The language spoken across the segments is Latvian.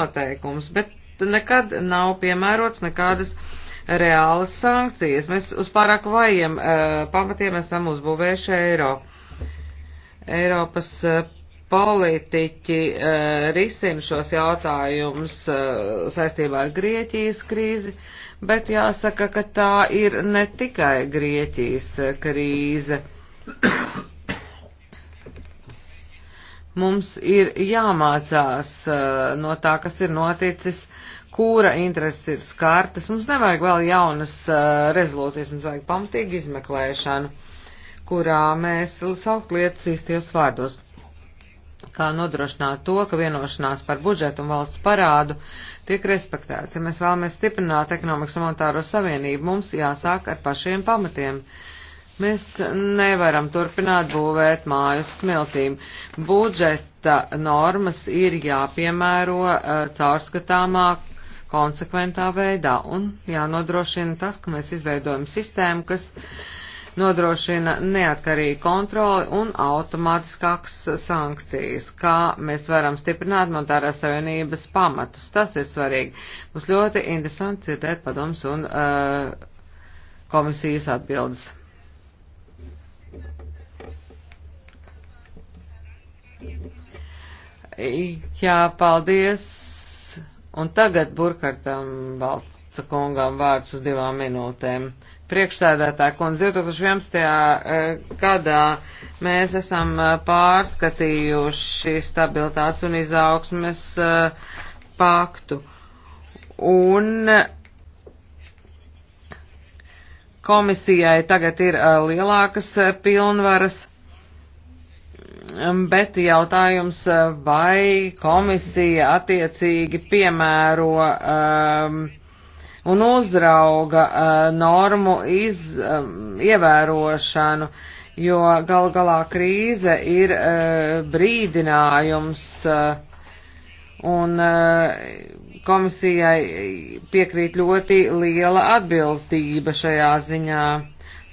noteikums, bet nekad nav piemērots nekādas reālas sankcijas. Mēs uz pārāk vajiem eh, pamatiem esam uzbūvējuši eiro. Eiropas eh, politiķi eh, risina šos jautājumus saistībā ar Grieķijas krīzi, bet jāsaka, ka tā ir ne tikai Grieķijas krīze. Mums ir jāmācās no tā, kas ir noticis, kura intereses ir skartas. Mums nevajag vēl jaunas rezolūcijas, mums vajag pamatīgu izmeklēšanu, kurā mēs saukt lietas īstajos vārdos kā nodrošināt to, ka vienošanās par budžetu un valsts parādu tiek respektēts. Ja mēs vēlamies stiprināt ekonomikas un monetāro savienību, mums jāsāk ar pašiem pamatiem. Uh, Mēs nevaram turpināt būvēt mājus smiltīm. Budžeta normas ir jāpiemēro uh, caurskatāmā, konsekventā veidā un jānodrošina tas, ka mēs izveidojam sistēmu, kas nodrošina neatkarīgu kontroli un automātiskākas sankcijas, kā mēs varam stiprināt monetārās savienības pamatus. Tas ir svarīgi. Mums ļoti interesanti dzirdēt padoms un uh, komisijas atbildes. Jā, paldies. Un tagad Burkartam Balca kungam vārds uz divām minūtēm. Priekšsēdētāja kundze 2011. Eh, gadā mēs esam eh, pārskatījuši stabilitātes un izaugsmes eh, paktu. Un komisijai tagad ir lielākas pilnvaras Um, bet jautājums, uh, vai komisija attiecīgi piemēro um, un uzrauga uh, normu iz, um, ievērošanu, jo gal galā krīze ir uh, brīdinājums uh, un uh, komisijai piekrīt ļoti liela atbildība šajā ziņā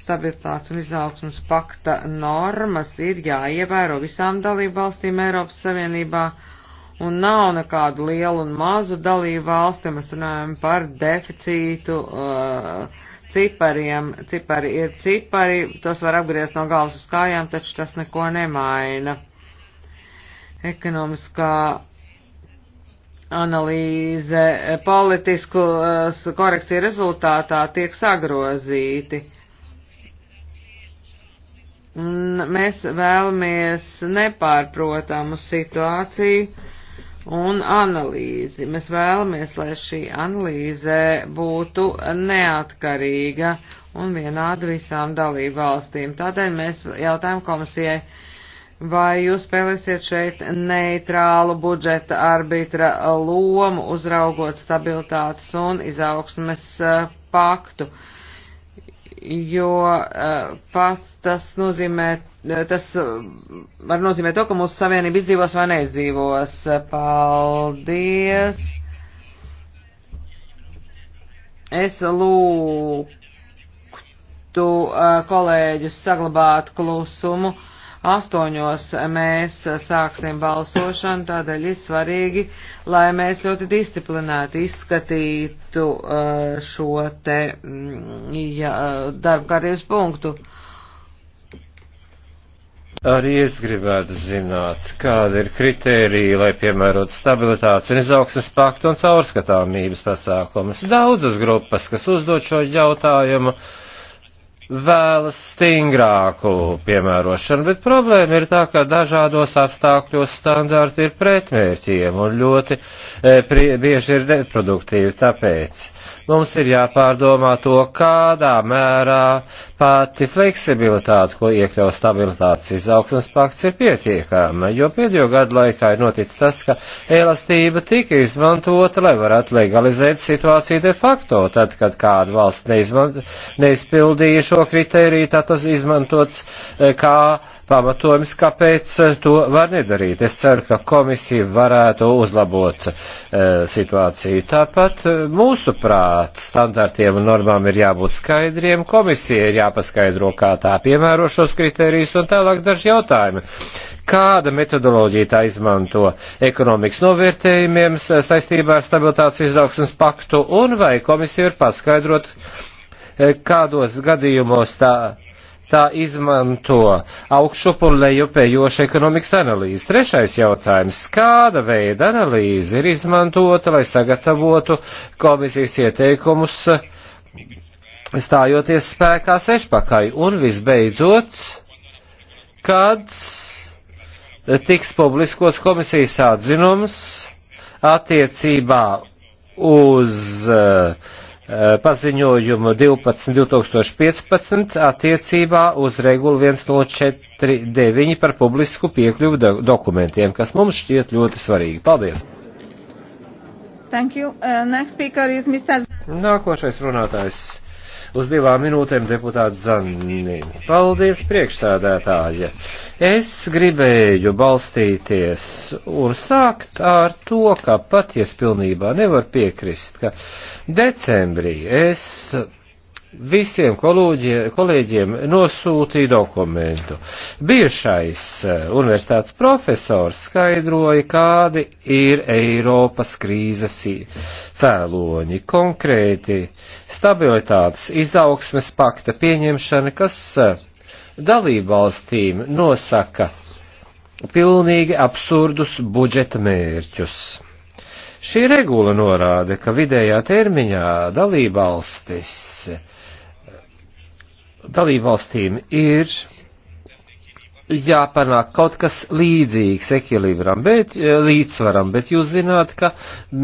stabilitātes un izaugsmas pakta normas ir jāievēro visām dalību valstīm Eiropas Savienībā, un nav nekādu lielu un mazu dalību valsti, mēs runājam par deficītu, uh, cipariem, cipari ir cipari, tos var apgriezt no galvas uz kājām, taču tas neko nemaina. Ekonomiskā analīze politisku uh, korekciju rezultātā tiek sagrozīti mēs vēlamies nepārprotamu situāciju un analīzi. Mēs vēlamies, lai šī analīze būtu neatkarīga un vienāda visām dalību valstīm. Tādēļ mēs jautājam komisijai, vai jūs spēlēsiet šeit neitrālu budžeta arbitra lomu, uzraugot stabilitātes un izaugsmes eh, paktu. Uh, jo eh, pats tas nozīmē, eh, tas eh, var nozīmēt to, ka mūsu savienība izdzīvos vai neizdzīvos. Paldies! Es lūgtu kolēģus saglabāt klusumu. Astoņos mēs sāksim balsošanu, tādēļ ir svarīgi, lai mēs ļoti disciplinēti izskatītu uh, šo te mm, ja, uh, darbkārtības punktu. Arī es gribētu zināt, kāda ir kritērija, lai piemērot stabilitātes un izaugsmes paktu un caurskatāmības pasākumus. Daudzas grupas, kas uzdod šo jautājumu, uh, vēlas stingrāku piemērošanu, bet problēma ir tā, ka dažādos apstākļos standarti ir pretmērķiem un ļoti e, eh, prie, bieži ir neproduktīvi. Tāpēc Mums ir jāpārdomā to, kādā mērā pati fleksibilitāte, ko iekļaus stabilitātes izaugsmas pakts, ir pietiekama, jo pēdējo gadu laikā ir noticis tas, ka elastība tika izmantota, lai varētu legalizēt situāciju de facto, tad, kad kāda valsts neizpildīja šo kritēriju, tad tas izmantots eh, kā pamatojums, kāpēc eh, to var nedarīt. Es ceru, ka komisija varētu uzlabot e, situāciju. Tāpat eh, mūsu prāt standartiem un normām ir jābūt skaidriem, komisija ir jāpaskaidro, kā tā piemēro šos kriterijus un tālāk daži jautājumi. Kāda metodoloģija tā izmanto ekonomikas novērtējumiem saistībā ar stabilitātes izaugsmas paktu un vai komisija ir paskaidrot, kādos gadījumos tā tā izmanto augšup un lejupējošu ekonomikas analīzi. Trešais jautājums - kāda veida analīze ir izmantota, lai sagatavotu komisijas ieteikumus stājoties spēkā sešpakaļ? Un visbeidzot, kad tiks publiskots komisijas atzinums attiecībā uz uh, Eh, paziņojumu 12.2015 attiecībā uz regulu 1049 par publisku piekļuvu dokumentiem, kas mums šķiet ļoti svarīgi. Paldies! Thank you. Uh, next speaker is Mr. Nākošais runātājs uz divām minūtēm deputāta Zanni. Paldies, priekšsēdētāja. Es gribēju balstīties un sākt ar to, ka pat ja es pilnībā nevaru piekrist, ka decembrī es visiem kolūģiem, kolēģiem nosūtīja dokumentu. Bijušais eh, universitātes profesors skaidroja, kādi ir Eiropas krīzes cēloņi, konkrēti stabilitātes izaugsmes pakta pieņemšana, kas eh, dalībvalstīm nosaka pilnīgi absurdus budžeta mērķus. Šī regula norāda, ka vidējā termiņā dalībvalstis dalībvalstīm ir jāpanāk kaut kas līdzīgs ekvilibram, bet eh, līdzsvaram, bet jūs zināt, ka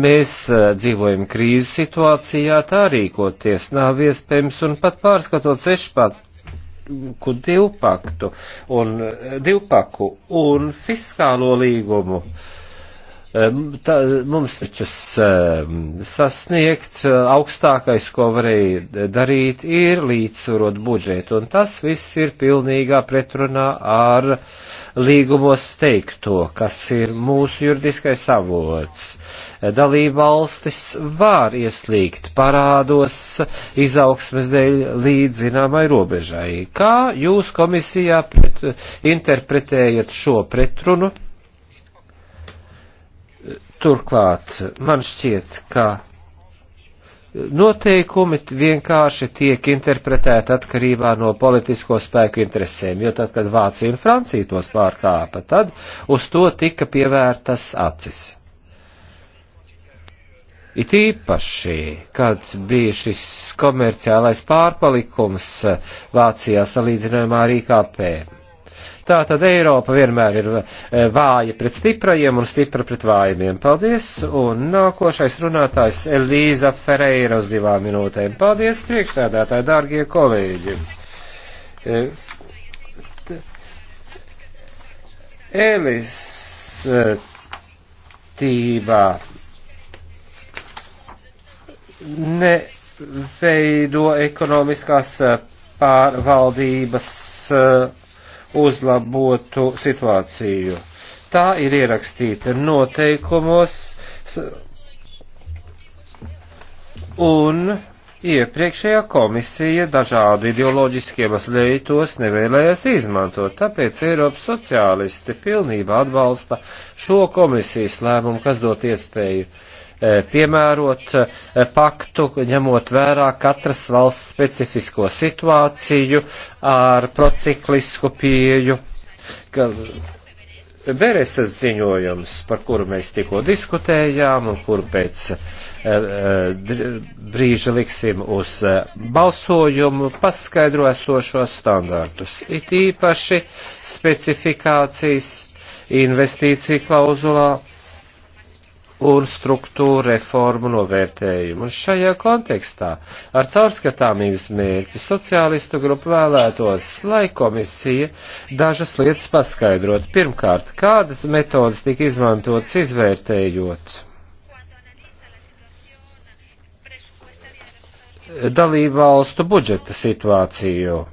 mēs eh, dzīvojam krīzes situācijā, tā rīkoties nav iespējams un pat pārskatot sešpaku divpaktu un eh, divpaku un fiskālo līgumu. Uh, tā, mums taču sasniegt eh, augstākais, ko varēja darīt, ir līdzsvarot budžetu, un tas viss ir pilnīgā pretrunā ar līgumos teikto, kas ir mūsu juridiskais avots. Dalībvalstis var ieslīgt parādos izaugsmes dēļ līdz zināmai robežai. Kā jūs komisijā pret, interpretējat šo pretrunu? Turklāt man šķiet, ka noteikumi vienkārši tiek interpretēti atkarībā no politisko spēku interesēm, jo tad, kad Vācija un Francija tos pārkāpa, tad uz to tika pievērtas acis. It īpaši, kad bija šis komerciālais pārpalikums Vācijā salīdzinājumā ar IKP. Tā tad Eiropa vienmēr ir e, vāja pret stiprajiem un stipra pret vājiem. Paldies! Un nākošais runātājs Elīza Ferreira uz divām minūtēm. Paldies, priekšsēdētāji, dārgie kolēģi! E, Elis e, tībā neveido ekonomiskās pārvaldības uzlabotu situāciju. Tā ir ierakstīta noteikumos un Iepriekšējā komisija dažādu ideoloģiskiem aslējitos nevēlējās izmantot, tāpēc Eiropas sociālisti pilnībā atbalsta šo komisijas lēmumu, kas dot iespēju E, piemērot e, paktu, ņemot vērā katras valsts specifisko situāciju ar prociklisku pieju. Bereses ziņojums, par kuru mēs tikko diskutējām un kuru pēc e, brīža liksim uz balsojumu, paskaidro esošos standartus. It īpaši specifikācijas investīciju klauzulā un struktūra reformu novērtējumu. Un šajā kontekstā ar caurskatāmības mērķi sociālistu grupu vēlētos, lai komisija dažas lietas paskaidrot. Pirmkārt, kādas metodas tika izmantotas izvērtējot? dalībvalstu budžeta situāciju.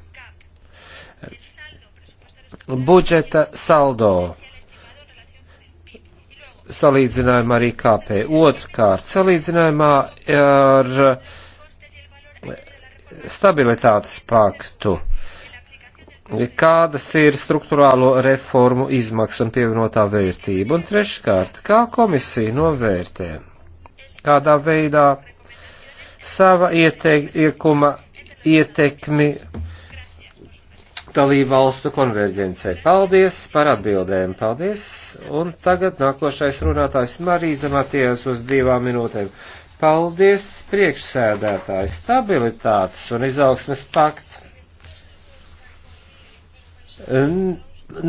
Budžeta saldo salīdzinājumā arī KP. Otrkārt, salīdzinājumā ar eh, stabilitātes paktu. Kādas ir struktūrālo reformu izmaksas un pievienotā vērtība? Un treškārt, kā komisija novērtē? Kādā veidā sava ieteikuma ietekmi dalību valstu konverģencei. Paldies par atbildēm, paldies. Un tagad nākošais runātājs Marīza Matijas uz divām minūtēm. Paldies, priekšsēdētāji, stabilitātes un izaugsmes pakts.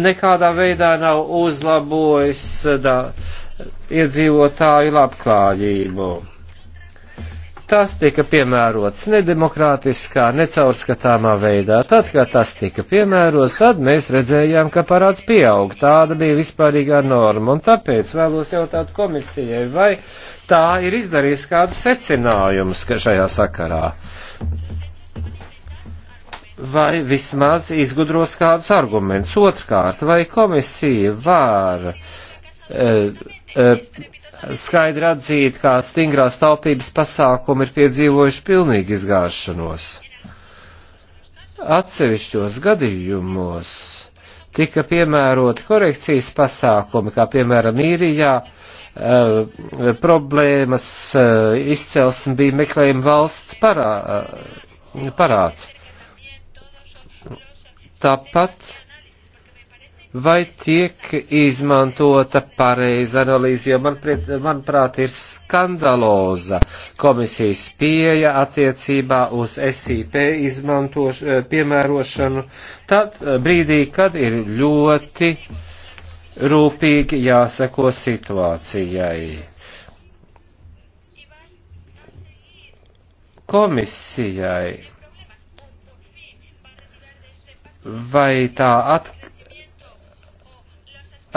Nekādā veidā nav uzlabojis da, iedzīvotāju labklājību tas tika piemērots nedemokrātiskā, necaurskatāmā veidā. Tad, kad tas tika piemērots, tad mēs redzējām, ka parāds pieaug. Tāda bija vispārīgā norma, un tāpēc vēlos jautāt komisijai, vai tā ir izdarījusi kādu secinājumus šajā sakarā. Vai vismaz izgudros kādus argumentus. Otrkārt, vai komisija var. Uh, e, uh, e, skaidri atzīt, kā stingrās taupības pasākumi ir piedzīvojuši pilnīgi izgāšanos. Atsevišķos gadījumos tika piemēroti korekcijas pasākumi, kā piemēram īrijā, eh, problēmas eh, izcelsme bija meklējuma valsts parā, eh, parāds. Tāpat vai tiek izmantota pareiza analīze, jo manpriet, manuprāt ir skandaloza komisijas pieeja attiecībā uz SIP izmantoš, eh, piemērošanu, tad eh, brīdī, kad ir ļoti rūpīgi jāseko situācijai. Komisijai vai tā atkal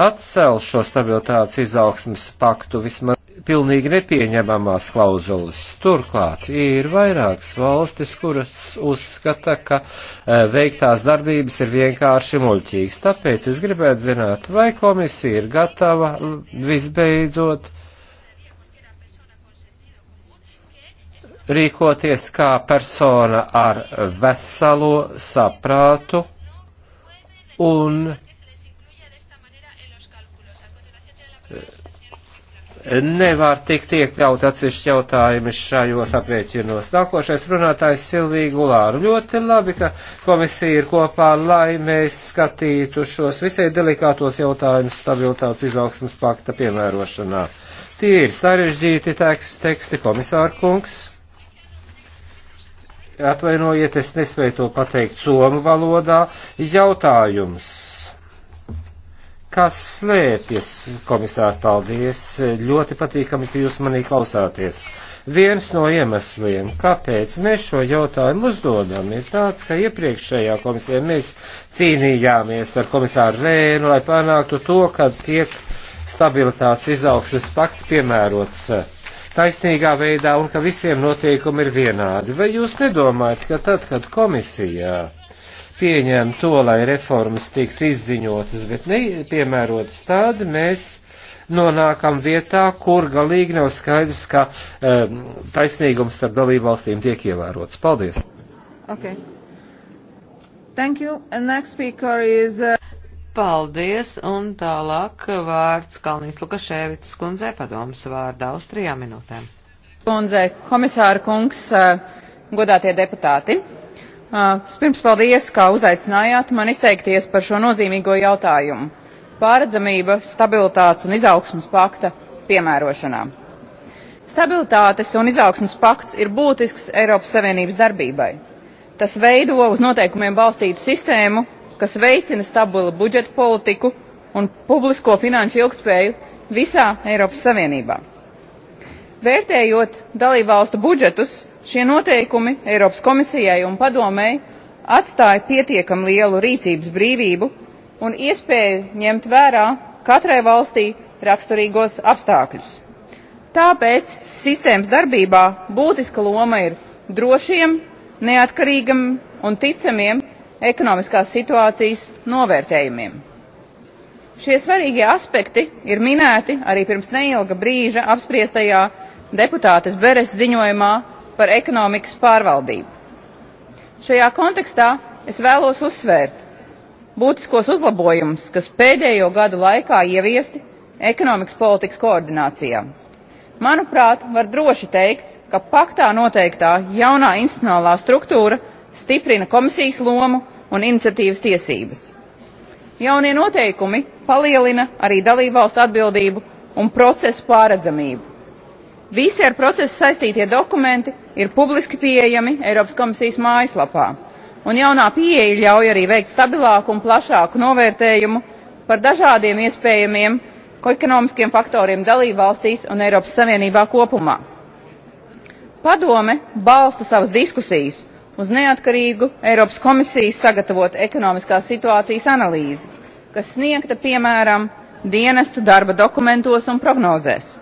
atcēl šo stabilitātes izaugsmas paktu vismaz pilnīgi nepieņemamās klauzulas. Turklāt ir vairākas valstis, kuras uzskata, ka e, veiktās darbības ir vienkārši muļķīgas. Tāpēc es gribētu zināt, vai komisija ir gatava visbeidzot rīkoties kā persona ar veselo saprātu un nevar tikt iekļaut atsevišķi jautājumi šajos aprēķinos. Nākošais runātājs Silvija Gulāra. Ļoti labi, ka komisija ir kopā, lai mēs skatītu šos visai delikātos jautājumus stabilitātes izaugsmas pakta piemērošanā. Tie ir sarežģīti teksti, teksti komisāra kungs. Atvainojiet, es nespēju to pateikt somu valodā. Jautājums kas slēpjas, komisār, paldies, ļoti patīkami, ka jūs manī klausāties. Viens no iemesliem, kāpēc mēs šo jautājumu uzdodam, ir tāds, ka iepriekšējā komisijā mēs cīnījāmies ar komisāru Rēnu, lai panāktu to, ka tiek stabilitātes izaugsmes pakts piemērots taisnīgā veidā un ka visiem noteikumi ir vienādi. Vai jūs nedomājat, ka tad, kad komisijā pieņem to, lai reformas tiktu izziņotas, bet nepiemērotas tad mēs nonākam vietā, kur galīgi nav skaidrs, ka um, taisnīgums starp dalībvalstīm tiek ievērots. Paldies! Okay. Thank you. And next speaker is. Uh... Paldies, un tālāk vārds Kalnīs Lukaševits kundzei padomas vārdā uz trijām minūtēm. Kundze, komisāra kungs, uh, godātie deputāti, Vispirms paldies, kā uzaicinājāt man izteikties par šo nozīmīgo jautājumu - pāredzamība, stabilitātes un izaugsmas pakta piemērošanā. Stabilitātes un izaugsmas pakts ir būtisks Eiropas Savienības darbībai. Tas veido uz noteikumiem balstītu sistēmu, kas veicina stabilu budžeta politiku un publisko finanšu ilgspēju visā Eiropas Savienībā. Vērtējot dalībvalstu budžetus, šie noteikumi eiropas komisijai un padomei atstāja pietiekami lielu rīcības brīvību un iespēju ņemt vērā katrai valstī raksturīgos apstākļus. tāpēc sistēmas darbībā būtiska loma ir drošiem neatkarīgiem un ticamiem ekonomiskās situācijas novērtējumiem. šie svarīgie aspekti ir minēti arī pirms neilga brīža apspriestajā deputātes beres ziņojumā par ekonomikas pārvaldību. Šajā kontekstā es vēlos uzsvērt būtiskos uzlabojumus, kas pēdējo gadu laikā ieviesti ekonomikas politikas koordinācijā. Manuprāt, var droši teikt, ka paktā noteiktā jaunā institucionālā struktūra stiprina komisijas lomu un iniciatīvas tiesības. Jaunie noteikumi palielina arī dalībvalstu atbildību un procesu pāredzamību visi ar procesu saistītie dokumenti ir publiski pieejami eiropas komisijas mājaslapā un jaunā pieeja ļauj arī veikt stabilāku un plašāku novērtējumu par dažādiem iespējamiem ekonomiskiem faktoriem dalībvalstīs un eiropas savienībā kopumā. padome balsta savas diskusijas uz neatkarīgu eiropas komisijas sagatavotu ekonomiskās situācijas analīzi kas sniegta piemēram dienestu darba dokumentos un prognozēs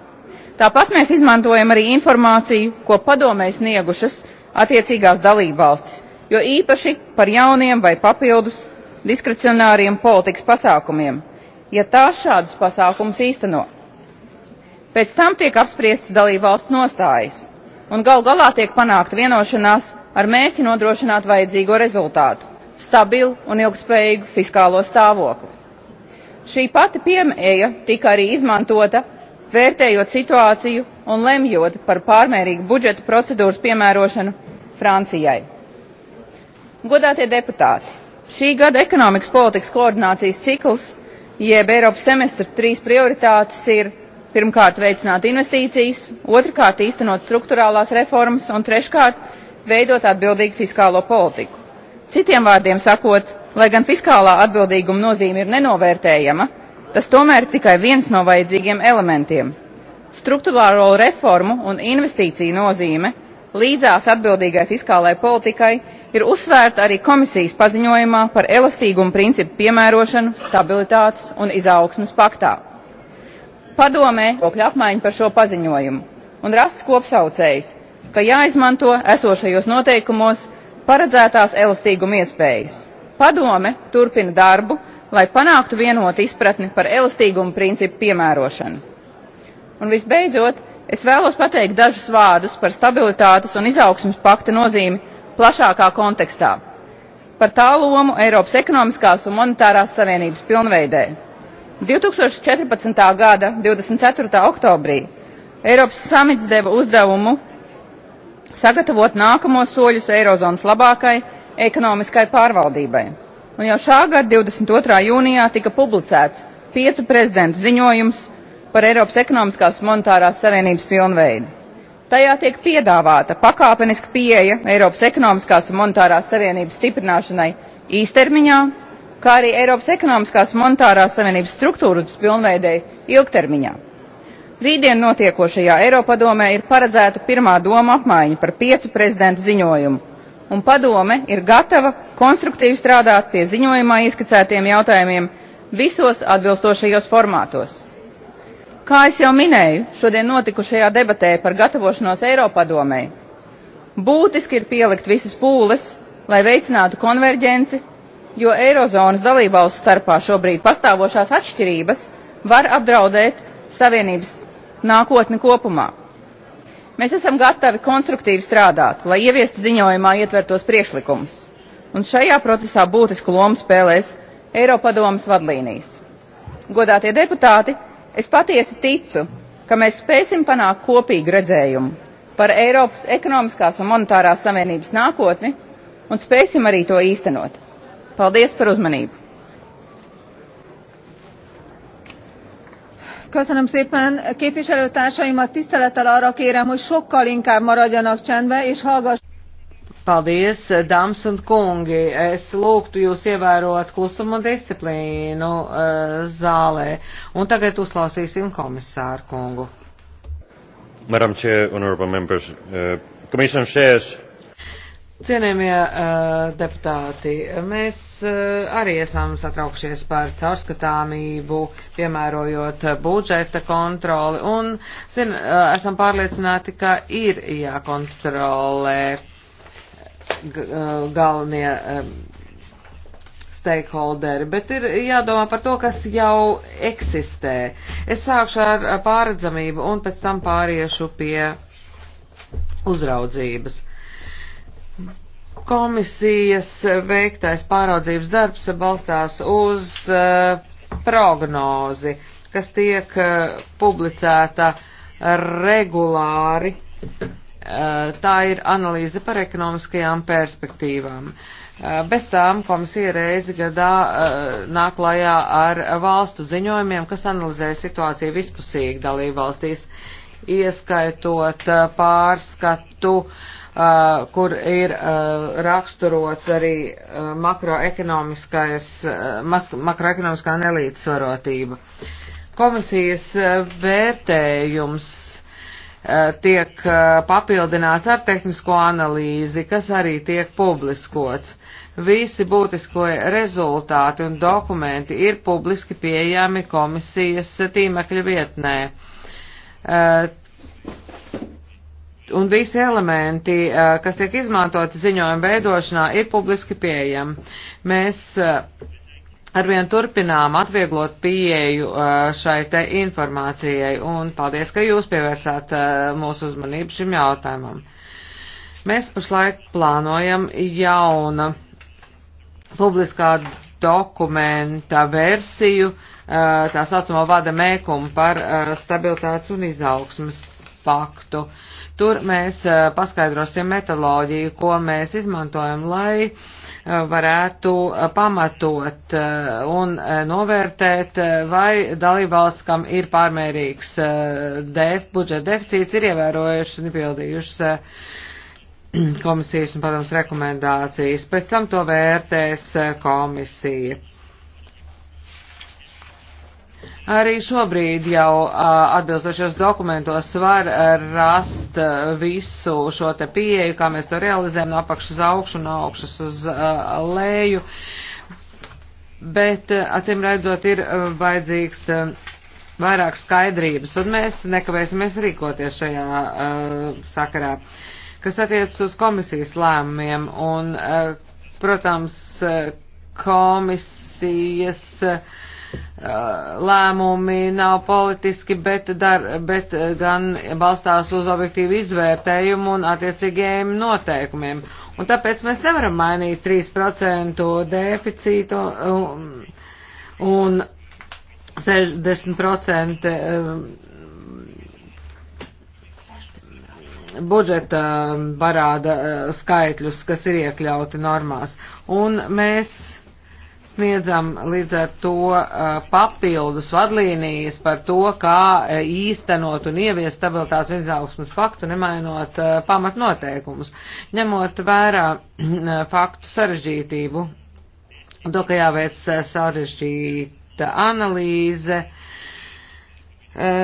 tāpat mēs izmantojam arī informāciju ko padomei sniegušas attiecīgās dalībvalstis jo īpaši par jauniem vai papildus diskrecionāriem politikas pasākumiem ja tās šādus pasākumus īsteno. pēc tam tiek apspriestas dalībvalstu nostājas un galu galā tiek panākta vienošanās ar mērķi nodrošināt vajadzīgo rezultātu stabilu un ilgtspējīgu fiskālo stāvokli. šī pati pieeja tika arī izmantota vērtējot situāciju un lemjot par pārmērīgu budžeta procedūras piemērošanu francijai. godātie deputāti šī gada ekonomikas politikas koordinācijas cikls jeb eiropas semestra trīs prioritātes ir pirmkārt veicināt investīcijas otrkārt īstenot struktūrālās reformas un treškārt veidot atbildīgu fiskālo politiku. citiem vārdiem sakot lai gan fiskālā atbildīguma nozīme ir nenovērtējama tas tomēr ir tikai viens no vajadzīgiem elementiem. Struktūrālo reformu un investīciju nozīme līdzās atbildīgai fiskālajai politikai ir uzsvērta arī komisijas paziņojumā par elastīguma principu piemērošanu stabilitātes un izaugsmes paktā. Padomē viedokļu apmaiņa par šo paziņojumu un rasts kopsaucējs, ka jāizmanto esošajos noteikumos paredzētās elastīguma iespējas. Padome turpina darbu lai panāktu vienotu izpratni par elastīguma principu piemērošanu. Un visbeidzot, es vēlos pateikt dažus vārdus par stabilitātes un izaugsmes pakta nozīmi plašākā kontekstā, par tā lomu Eiropas ekonomiskās un monetārās savienības pilnveidē. 2014. gada 24. oktobrī Eiropas samits deva uzdevumu sagatavot nākamos soļus Eirozonas labākai ekonomiskai pārvaldībai un jau šā gada 22. jūnijā tika publicēts piecu prezidentu ziņojums par Eiropas ekonomiskās un monetārās savienības pilnveidi. Tajā tiek piedāvāta pakāpeniska pieeja Eiropas ekonomiskās un monetārās savienības stiprināšanai īstermiņā, kā arī Eiropas ekonomiskās un monetārās savienības struktūras pilnveidei ilgtermiņā. Rītdien notiekošajā Eiropadomē ir paredzēta pirmā doma apmaiņa par piecu prezidentu ziņojumu un padome ir gatava konstruktīvi strādāt pie ziņojumā ieskicētiem jautājumiem visos atbilstošajos formātos. Kā es jau minēju, šodien notikušajā debatē par gatavošanos Eiropadomei, būtiski ir pielikt visas pūles, lai veicinātu konverģenci, jo Eirozonas dalībvalstu starpā šobrīd pastāvošās atšķirības var apdraudēt Savienības nākotni kopumā mēs esam gatavi konstruktīvi strādāt lai ieviestu ziņojumā ietvertos priekšlikumus un šajā procesā būtisku lomu spēlēs eiropadomes vadlīnijas. godātie deputāti es patiesi ticu ka mēs spēsim panākt kopīgu redzējumu par eiropas ekonomiskās un monetārās savienības nākotni un spēsim arī to īstenot. paldies par uzmanību! képviselőtársaimat tisztelettel arra kérem hogy sokkal inkább maradjanak csendben és hallgassák. Paldies, dāmas un kungi! Es lūgtu jūs ievērot klusuma disciplīnu uh, zālē. Un tagad uzklausīsim komisāru kungu. Madam Chair, honorable members, uh, Commission shares Cienējamie uh, deputāti, mēs uh, arī esam satraukšies par caurskatāmību, piemērojot budžeta kontroli un zin, uh, esam pārliecināti, ka ir jākontrolē galvenie um, stakeholderi, bet ir jādomā par to, kas jau eksistē. Es sākšu ar pārredzamību un pēc tam pāriešu pie uzraudzības Komisijas veiktais pāraudzības darbs balstās uz eh, prognozi, kas tiek eh, publicēta regulāri. Eh, tā ir analīze par ekonomiskajām perspektīvām. Bez tām komisija reizi gadā nāk lajā ar valstu ziņojumiem, kas analizē situāciju vispusīgi dalību valstīs, ieskaitot pārskatu uh, Uh, kur ir uh, raksturots arī uh, makroekonomiskais, mas, makroekonomiskā nelīdzsvarotība. Komisijas vērtējums tiek papildināts ar tehnisko analīzi, kas arī tiek publiskots. Visi būtisko rezultāti un dokumenti ir publiski pieejami komisijas tīmekļa vietnē un visi elementi, eh, kas tiek izmantoti ziņojuma veidošanā, ir publiski pieejami. Mēs eh, arvien turpinām atvieglot pieeju eh, šai te informācijai, un paldies, ka jūs pievērsāt mūsu uzmanību šim jautājumam. Mēs pašlaik plānojam jauna publiskā dokumenta versiju, tā saucamo vada mēkumu par stabilitātes un izaugsmas paktu. Uh, Tur mēs paskaidrosim metoloģiju, ko mēs izmantojam, lai varētu pamatot un novērtēt, vai dalībvalsts, kam ir pārmērīgs def, budžeta deficīts, ir ievērojušas un pildījušas komisijas un padoms rekomendācijas. Pēc tam to vērtēs komisija. Arī šobrīd jau atbilstošos dokumentos var rast visu šo te pieeju, kā mēs to realizējam no apakšas uz augšu, no augšas uz leju, bet acīm redzot ir vajadzīgs vairāk skaidrības, un mēs nekavēsimies rīkoties šajā uh, sakarā, kas attiec uz komisijas lēmumiem, un, uh, protams, komisijas uh, lēmumi nav politiski, bet, dar, bet gan balstās uz objektīvu izvērtējumu un attiecīgiem noteikumiem. Un tāpēc mēs nevaram mainīt 3% deficītu um, un, un um, 60% budžeta parāda uh, skaitļus, kas ir iekļauti normās. Un mēs sniedzam līdz ar to papildus vadlīnijas par to, kā īstenot un ieviest stabilitātes un izaugsmas faktu, nemainot pamatnoteikumus, ņemot vērā faktu sarežģītību, to, ka jāveic sarežģīta analīze,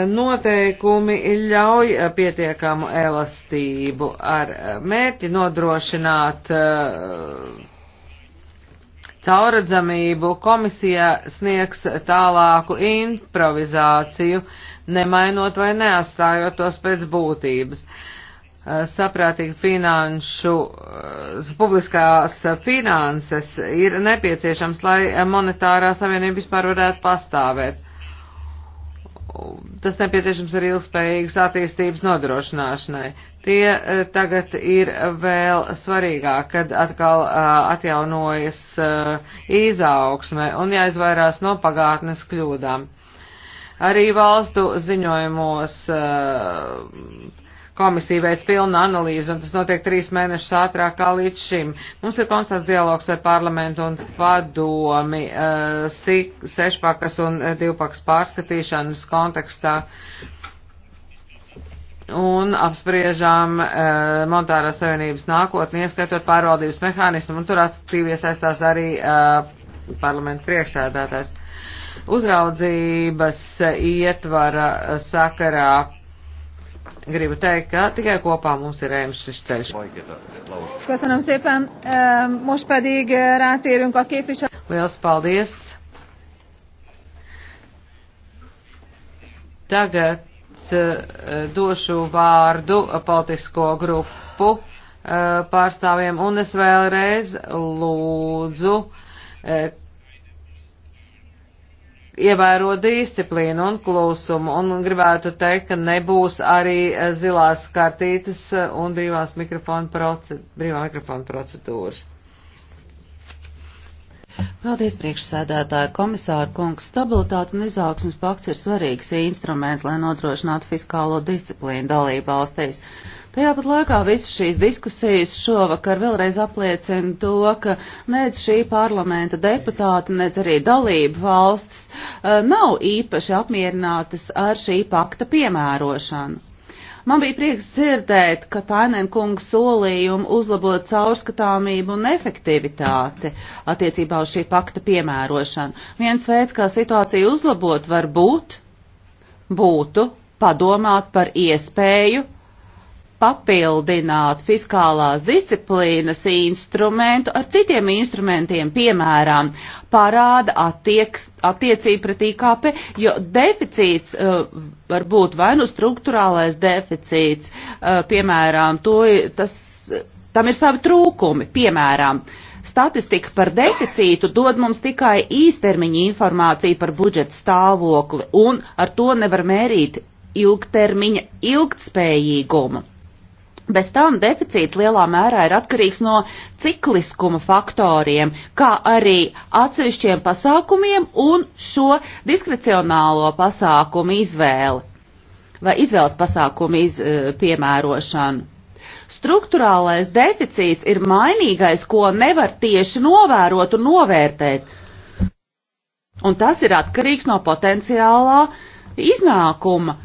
Noteikumi ļauj pietiekamu elastību ar mērķi nodrošināt uh, Cauradzamību komisijā sniegs tālāku improvizāciju, nemainot vai neatstājot tos pēc būtības. Eh, saprātīgi finanšu, eh, publiskās finanses ir nepieciešams, lai monetārā savienība vispār varētu pastāvēt tas nepieciešams arī ilgspējīgas attīstības nodrošināšanai. Tie e, tagad ir vēl svarīgāk, kad atkal e, atjaunojas e, izaugsme un jāizvairās no pagātnes kļūdām. Arī valstu ziņojumos uh, komisija veic pilnu analīzi, un tas notiek trīs mēnešus ātrāk kā līdz šim. Mums ir konstants dialogs ar parlamentu un padomi eh, sešpakas un eh, divpakas pārskatīšanas kontekstā. Un apspriežām e, eh, monetārās savienības nākotni, ieskaitot pārvaldības mehānismu, un tur aktīvi iesaistās arī e, parlamentu priekšsēdētājs. Uzraudzības ietvara sakarā gribu teikt, ka tikai kopā mums ir ejams šis ceļš. Köszönöm szépen, most pedig eh, rátérünk a képviselő. Liels paldies! Tagad eh, došu vārdu politisko grupu eh, pārstāvjiem, un es vēlreiz lūdzu ievēro disciplīnu un klusumu un gribētu teikt, ka nebūs arī eh, zilās kartītes eh, un brīvās mikrofona proced brīvā mikrofona procedūras. Paldies, priekšsēdētāja komisāra kungs. Stabilitātes un izaugsmas pakts ir svarīgs instruments, lai nodrošinātu fiskālo disciplīnu dalību valstīs. Tajā pat laikā visas šīs diskusijas šovakar vēlreiz apliecina to, ka nec šī parlamenta deputāti, nec arī dalība valsts Uh, nav īpaši apmierinātas ar šī pakta piemērošanu. Man bija prieks dzirdēt, ka Tainenkunga solījumu uzlabot caurskatāmību un efektivitāti attiecībā uz šī pakta piemērošanu. Viens veids, kā situāciju uzlabot, var būt, būtu padomāt par iespēju papildināt fiskālās disciplīnas instrumentu ar citiem instrumentiem, piemēram, parāda attieks, attiecība pret IKP, jo deficīts uh, var būt vai nu struktūrālais deficīts, uh, piemēram, to, tas, tam ir savi trūkumi, piemēram, uh, Statistika par deficītu dod mums tikai īstermiņa informāciju par budžeta stāvokli, un ar to nevar mērīt ilgtermiņa ilgtspējīgumu. Bez tām deficīts lielā mērā ir atkarīgs no cikliskuma faktoriem, kā arī atsevišķiem pasākumiem un šo diskrecionālo pasākumu izvēli vai izvēles pasākumu iz, e, piemērošanu. Struktūrālais deficīts ir mainīgais, ko nevar tieši novērot un novērtēt, un tas ir atkarīgs no potenciālā iznākuma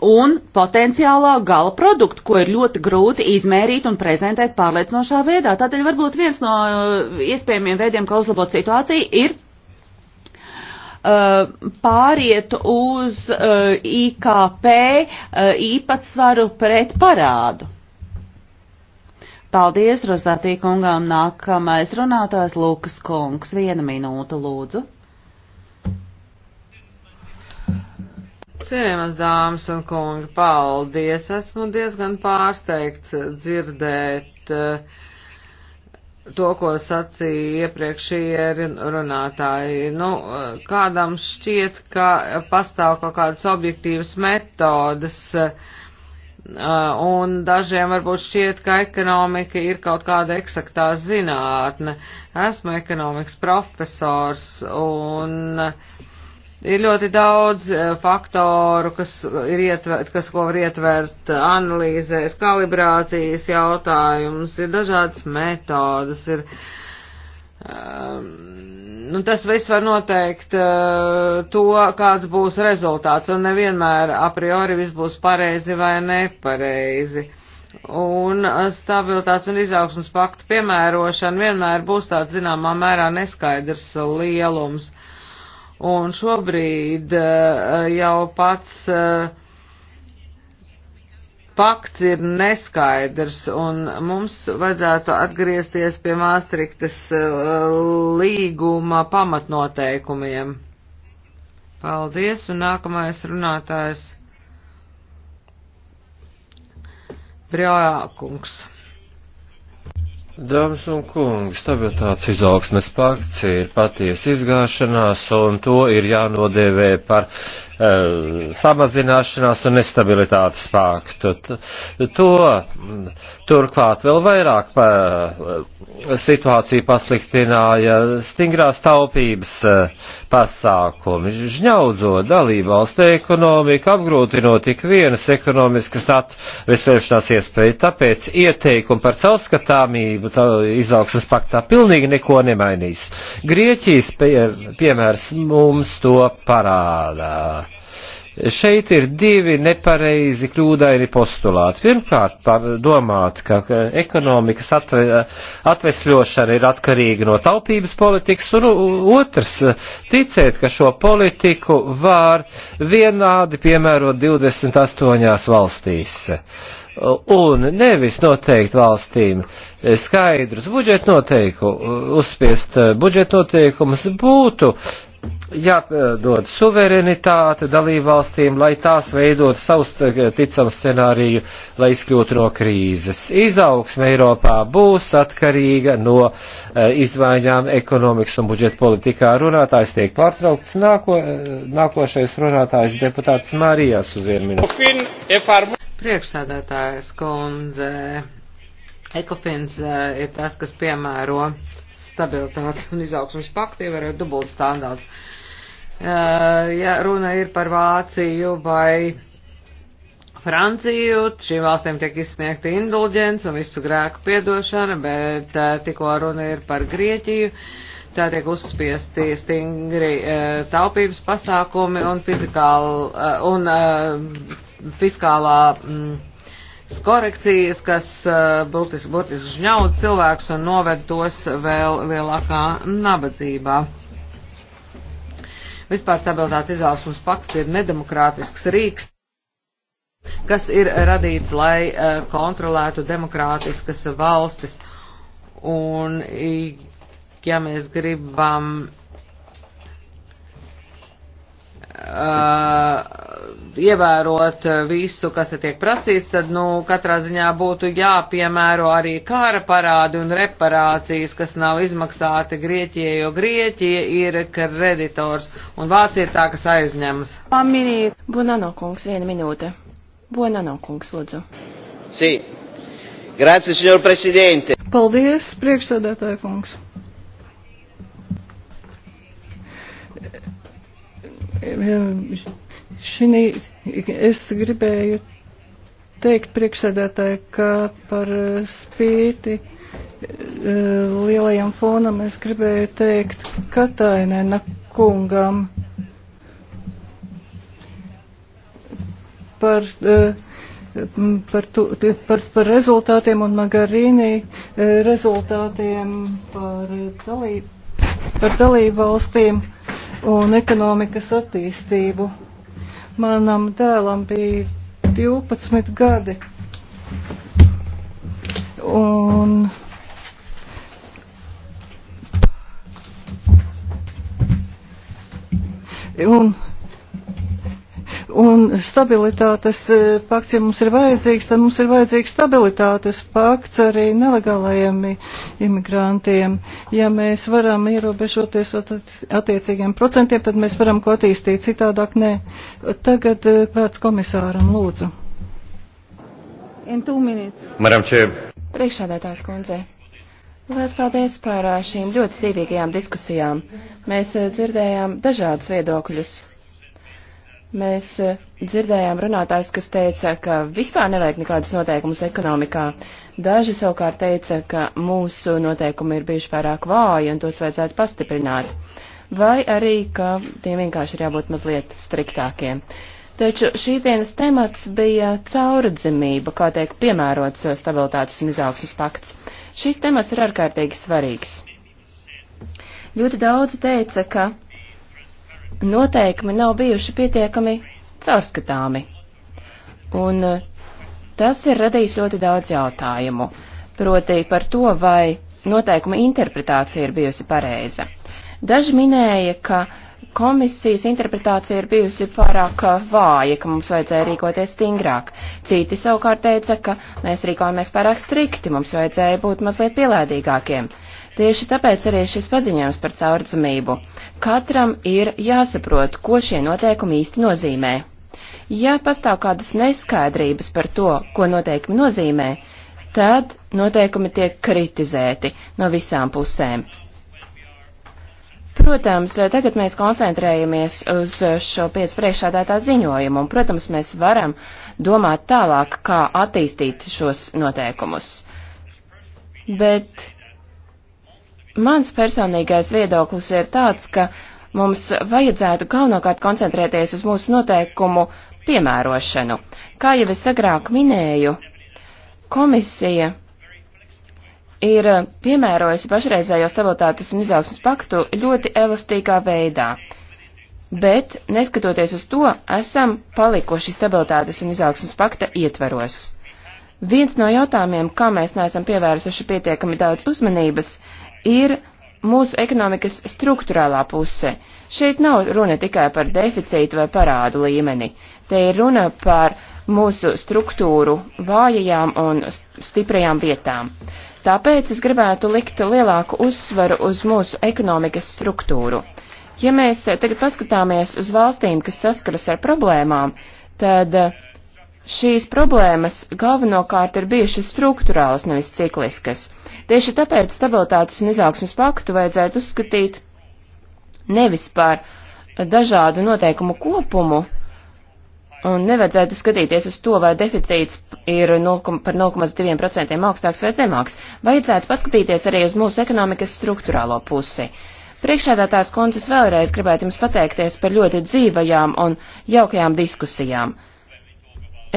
un potenciālā gala produktu, ko ir ļoti grūti izmērīt un prezentēt pārliecinošā veidā. Tādēļ varbūt viens no uh, iespējamiem veidiem, kā uzlabot situāciju, ir uh, pāriet uz uh, IKP uh, īpatsvaru pret parādu. Paldies, Rozatī kungām. Nākamais runātājs Lukas Kungs. Viena minūte, lūdzu. Cienījamās dāmas un kungi, paldies! Esmu diezgan pārsteigts dzirdēt eh, to, ko sacīja iepriekšējie runātāji. Nu, eh, kādam šķiet, ka pastāv kaut kādas objektīvas metodas, eh, un dažiem varbūt šķiet, ka ekonomika ir kaut kāda eksaktā zinātne. Esmu ekonomikas profesors, un Ir ļoti daudz eh, faktoru, kas, ir ietvert, kas ko var ietvert analīzēs, kalibrācijas jautājums, ir dažādas metodas, ir, um, nu, tas viss var noteikt uh, to, kāds būs rezultāts, un nevienmēr a priori viss būs pareizi vai nepareizi. Un eh, stabilitātes un izaugsmas paktu piemērošana vienmēr būs tāds zināmā mērā neskaidrs lielums. Uh, Un šobrīd eh, jau pats eh, pakts ir neskaidrs, un mums vajadzētu atgriezties pie Māstriktas eh, līguma pamatnoteikumiem. Paldies, un nākamais runātājs Brjākungs. Dāmas un kungi, stabilitātes izaugsmes pakts ir patiesa izgāšanās, un to ir jānodēvē par e, samazināšanās un nestabilitātes paktu. To turklāt vēl vairāk pa, eh, situāciju pasliktināja stingrās taupības eh, pasākumi, žņaudzo dalību valstu ekonomiku, apgrūtinot tik vienas ekonomiskas atveseļošanās iespēju. Tāpēc ieteikumi par caurskatāmību tā, izaugsmas paktā pilnīgi neko nemainīs. Grieķijas pie, piemērs mums to parādā. Šeit ir divi nepareizi kļūdaini postulāti. Pirmkārt, par domāt, ka ekonomikas atve, atvesļošana ir atkarīga no taupības politikas, un otrs, ticēt, ka šo politiku var vienādi piemērot 28 valstīs. Un nevis noteikt valstīm skaidrus budžeta noteikumus, uzspiest budžeta noteikumus, būtu uh, jādod suverenitāte dalībvalstīm, lai tās veidot savus eh, ticamu scenāriju, lai izkļūtu no krīzes. Izaugsme Eiropā būs atkarīga no uh, izmaiņām ekonomikas un budžeta politikā. Runātājs tiek pārtraukts. Nāko, eh, nākošais runātājs deputāts Marijas uz vienu minūti. Priekšsādātājs kundze, ekofins ir tas, kas piemēro stabilitātes un izaugsmas paktu, ievērot dubult standārts. Ja runa ir par Vāciju vai Franciju, šīm valstīm tiek izsniegta indulģents un visu grēku piedošana, bet eh, tikko runa ir par Grieķiju, tā tiek uzspiesti stingri eh, taupības pasākumi un, fizikāla, eh, un fiskālā. Mm, korekcijas, kas burtiski, uh, burtiski žņaud cilvēkus un noved tos vēl lielākā nabadzībā. Vispār stabilitātes izaugsmas pakts ir nedemokrātisks rīks, kas ir radīts, lai uh, kontrolētu demokrātiskas valstis. Un, ja mēs gribam uh, ievērot visu, kas te tiek prasīts, tad, nu, katrā ziņā būtu jāpiemēro arī kāra parādi un reparācijas, kas nav izmaksāti Grieķijai, jo Grieķija ir kreditors un Vācija ir tā, kas aizņemas. Paminī. Bonano kungs, viena minūte. Bonano kungs, lūdzu. Sī. Grazie, signor Presidente. Paldies, priekšsēdētāja kungs. Yeah. Šī es gribēju teikt priekšsēdētāji, ka par spīti e, lielajam fonam es gribēju teikt Katainēna kungam par, e, par, tu, par, par rezultātiem un Magarīnī e, rezultātiem par, dalī, par dalību valstīm un ekonomikas attīstību. Manam dēlam bija 12 gadi. Un un un stabilitātes eh, pakts, ja mums ir vajadzīgs, tad mums ir vajadzīgs stabilitātes pakts arī nelegālajiem imigrantiem. Ja mēs varam ierobežoties attiecīgiem procentiem, tad mēs varam ko attīstīt, citādāk nē. Tagad pēc eh, komisāram lūdzu. Madam Chair. Priekšādātājs kundzei. Lielas paldies par eh, šīm ļoti dzīvīgajām diskusijām. Mēs dzirdējām dažādus viedokļus. Mēs eh, dzirdējām runātājs, kas teica, ka vispār nevajag nekādus noteikumus ekonomikā. Daži savukārt teica, ka mūsu noteikumi ir bijuši pārāk vāji un tos vajadzētu pastiprināt. Vai arī, ka tiem vienkārši ir jābūt mazliet striktākiem. Taču šīs dienas temats bija cauradzimība, kā tiek piemērots eh, stabilitātes un izaugsmas pakts. Šis temats ir ārkārtīgi svarīgs. Ļoti daudz teica, ka noteikumi nav bijuši pietiekami caurskatāmi. Un eh, tas ir radījis ļoti daudz jautājumu, proti par to, vai noteikuma interpretācija ir bijusi pareiza. Daži minēja, ka komisijas interpretācija ir bijusi pārāk eh, vāja, ka mums vajadzēja rīkoties stingrāk. Citi savukārt teica, ka mēs rīkojamies pārāk strikti, mums vajadzēja būt mazliet pielēdīgākiem. Tieši tāpēc arī šis paziņojums par caurdzamību. Katram ir jāsaprot, ko šie noteikumi īsti nozīmē. Ja pastāv kādas neskaidrības par to, ko noteikumi nozīmē, tad noteikumi tiek kritizēti no visām pusēm. Protams, tagad mēs koncentrējamies uz šo pēc priekšādātā ziņojumu, un, protams, mēs varam domāt tālāk, kā attīstīt šos noteikumus. Bet Mans personīgais viedoklis ir tāds, ka mums vajadzētu galvenokārt koncentrēties uz mūsu noteikumu piemērošanu. Kā jau es agrāk minēju, komisija ir piemērojusi pašreizējo stabilitātes un izaugsmas paktu ļoti elastīgā veidā. Bet, neskatoties uz to, esam palikuši stabilitātes un izaugsmas pakta ietveros. Viens no jautājumiem, kā mēs neesam pievērsuši pietiekami daudz uzmanības, ir ir mūsu ekonomikas struktūrālā puse. Šeit nav runa tikai par deficītu vai parādu līmeni. Te ir runa par mūsu struktūru vājajām un stiprajām vietām. Tāpēc es gribētu likt lielāku uzsvaru uz mūsu ekonomikas struktūru. Ja mēs tagad paskatāmies uz valstīm, kas saskaras ar problēmām, tad šīs problēmas galvenokārt ir bijušas struktūrālas, nevis cikliskas. Tieši tāpēc stabilitātes un izaugsmas paktu vajadzētu uzskatīt nevis par dažādu noteikumu kopumu, un nevajadzētu skatīties uz to, vai deficīts ir 0, par 0,2% augstāks vai zemāks. Vajadzētu paskatīties arī uz mūsu ekonomikas struktūrālo pusi. Priekšādātās kundzes vēlreiz gribētu jums pateikties par ļoti dzīvajām un jaukajām diskusijām.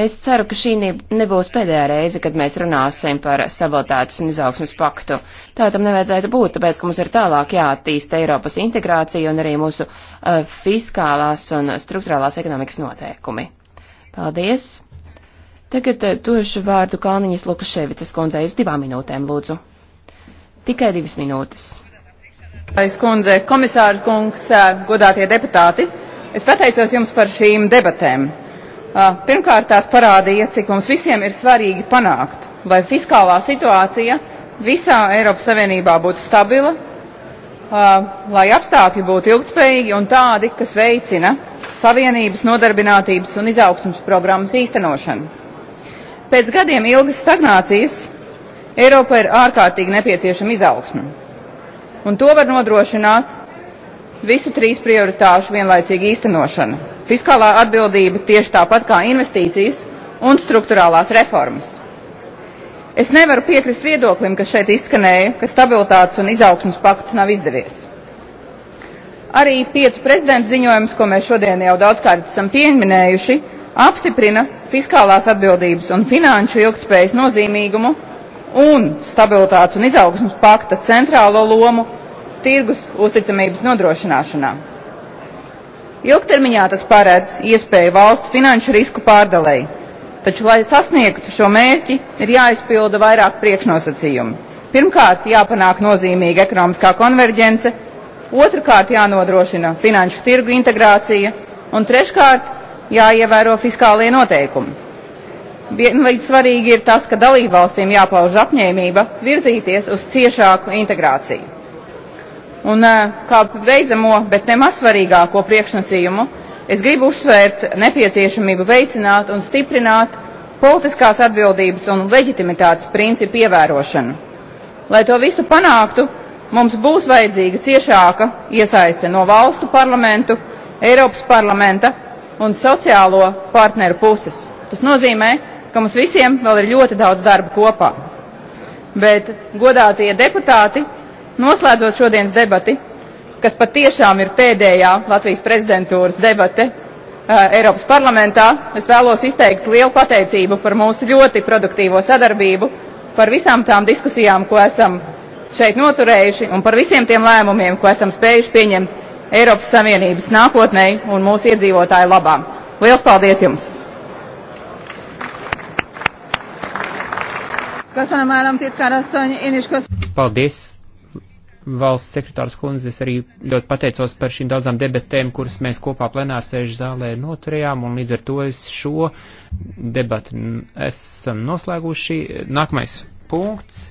Es ceru, ka šī nebūs pēdējā reize, kad mēs runāsim par stabilitātes un izaugsmas paktu. Tā tam nevajadzētu būt, tāpēc, ka mums ir tālāk jāattīsta Eiropas integrācija un arī mūsu uh, fiskālās un struktūrālās ekonomikas noteikumi. Paldies! Tagad uh, došu vārdu Kalniņas Lukaševicas kundzei uz divām minūtēm, lūdzu. Tikai divas minūtes. Kundze, komisārs kungs, eh, godātie deputāti, es pateicos jums par šīm debatēm Ah, pirmkārt, tās parādīja, cik mums visiem ir svarīgi panākt, lai fiskālā situācija visā Eiropas Savienībā būtu stabila, ah, lai apstākļi būtu ilgspējīgi un tādi, kas veicina Savienības nodarbinātības un izaugsmas programmas īstenošanu. Pēc gadiem ilgas stagnācijas Eiropa ir ārkārtīgi nepieciešama izaugsme, un to var nodrošināt visu trīs prioritāšu vienlaicīgi īstenošana fiskālā atbildība tieši tāpat kā investīcijas un struktūrālās reformas. Es nevaru piekrist viedoklim, kas šeit izskanēja, ka stabilitātes un izaugsmas pakts nav izdevies. Arī piecu prezidentu ziņojums, ko mēs šodien jau daudzkārt esam pieminējuši, apstiprina fiskālās atbildības un finanšu ilgtspējas nozīmīgumu un stabilitātes un izaugsmas pakta centrālo lomu tirgus uzticamības nodrošināšanā. Ilgtermiņā tas paredz iespēju valstu finanšu risku pārdalēji, taču, lai sasniegtu šo mērķi, ir jāizpilda vairāk priekšnosacījumu. Pirmkārt, jāpanāk nozīmīga ekonomiskā konverģence, otrkārt jānodrošina finanšu tirgu integrācija un treškārt jāievēro fiskālie noteikumi. Vienlīdz svarīgi ir tas, ka dalībvalstīm jāpauž apņēmība virzīties uz ciešāku integrāciju. Un kā beidzamo, bet nemaz svarīgāko priekšnacījumu, es gribu uzsvērt nepieciešamību veicināt un stiprināt politiskās atbildības un leģitimitātes principu ievērošanu. Lai to visu panāktu, mums būs vajadzīga ciešāka iesaiste no valstu parlamentu, Eiropas parlamenta un sociālo partneru puses. Tas nozīmē, ka mums visiem vēl ir ļoti daudz darba kopā. Bet, godātie deputāti, Noslēdzot šodienas debati, kas patiešām ir pēdējā Latvijas prezidentūras debate eh, Eiropas parlamentā, es vēlos izteikt lielu pateicību par mūsu ļoti produktīvo sadarbību, par visām tām diskusijām, ko esam šeit noturējuši un par visiem tiem lēmumiem, ko esam spējuši pieņemt Eiropas Savienības nākotnē un mūsu iedzīvotāju labā. Liels paldies jums! Köszönöm államtitkár asszony, én is köszönöm. Paldies, valsts sekretārs kundze, es arī ļoti pateicos par šīm daudzām debatēm, kuras mēs kopā plenārsēžu zālē noturējām, un līdz ar to es šo debatu esam noslēguši. Nākamais punkts.